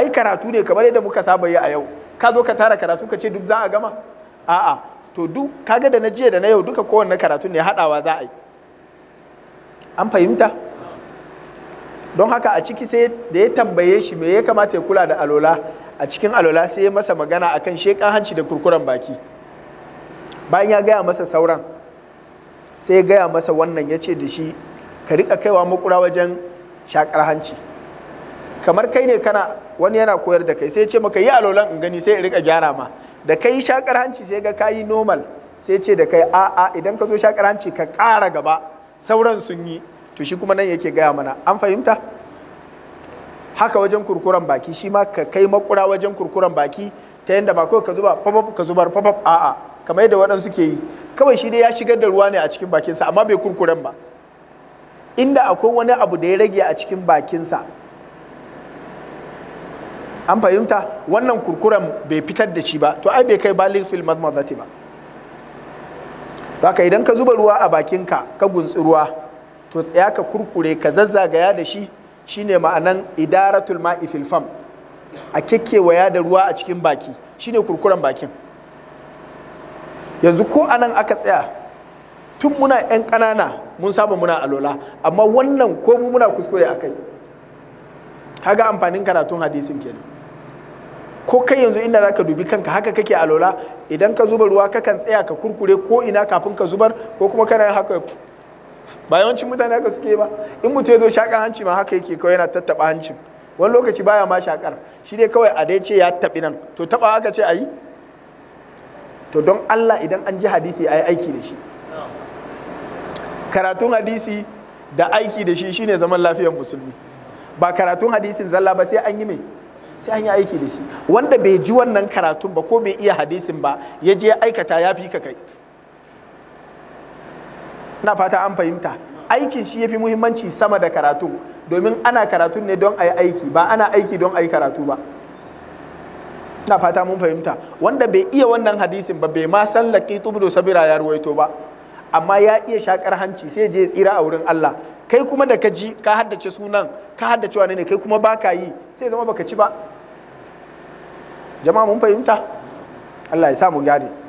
ai karatu ne kamar yadda muka saba yi a yau ka zo ka tara karatu ka ce duk za a gama a'a to duk kaga da na jiya da na yau duka kowanne karatu ne haɗawa za a yi an fahimta don haka a ciki sai da ya tambaye shi me ya kamata ya kula da alola a cikin alola sai ya masa magana akan shekan hanci da kurkuren baki bayan ya gaya masa sauran sai ya gaya masa wannan ya ce da shi ka riƙa kaiwa makura wajen shakar hanci kamar kai ne kana wani yana koyar da kai sai ce maka yi alolan in gani sai in rika gyara ma da kai shakar hanci sai ga kayi normal sai ce da kai a'a idan ka zo shakar hanci ka kara gaba sauran sun yi to shi kuma nan yake gaya mana an fahimta haka wajen kurkuren baki shi ma ka kai makura wajen kurkuren baki ta yadda ba kawai ka zuba papap ka zubar a a'a kamar yadda waɗansu ke yi kawai shi dai ya shigar da ruwa ne a cikin bakinsa amma bai kurkuran ba inda akwai wani abu da ya rage a cikin bakinsa an fahimta wannan kurkuren bai fitar da shi ba to ai bai kai balig fil madmadati ba baka idan ka zuba ruwa a bakinka ka guntsi ruwa to tsaya ka kurkure ka zazzagaya da shi shine ma'anan idaratul ma'i fil fam a kekkewaya da ruwa a cikin baki shine kurkuren bakin yanzu ko anan aka tsaya tun muna 'yan ƙanana mun saba muna alola amma wannan ko mu muna kuskure a kai kaga amfanin karatun hadisin kenan ko kai yanzu inda zaka dubi kanka haka kake alola idan ka zuba ruwa kakan tsaya ka kurkure ko ina kafin ka zubar ko kuma kana haka ba yawancin mutane haka suke ba in mutum ya zo shaka hanci ma haka yake kawai yana tattaba hancin wani lokaci baya ma shakar shi dai kawai a dai ce ya taɓi nan to taɓa haka ce ayi. to don allah idan an ji hadisi a aiki da shi karatun hadisi da aiki da shi shine zaman lafiyar musulmi ba karatun hadisin zalla ba sai an yi mai sai an yi aiki da shi wanda bai ji wannan karatun ba ko bai iya hadisin ba ya je aikata ya fi ka kai na fata an fahimta aikin shi ya fi muhimmanci sama da karatu domin ana karatun ne don a yi aiki ba ana aiki don a yi karatu ba na fata mun fahimta wanda bai iya wannan hadisin ba bai ma san laqitu bin sabira ya ruwaito ba amma ya iya shakar hanci sai je tsira a wurin Allah kai kuma da ka ji ka haddace sunan ka haddace wa ne kai kuma ba ka yi sai zama ka ci ba jama'a mun fahimta Allah ya sa mu gane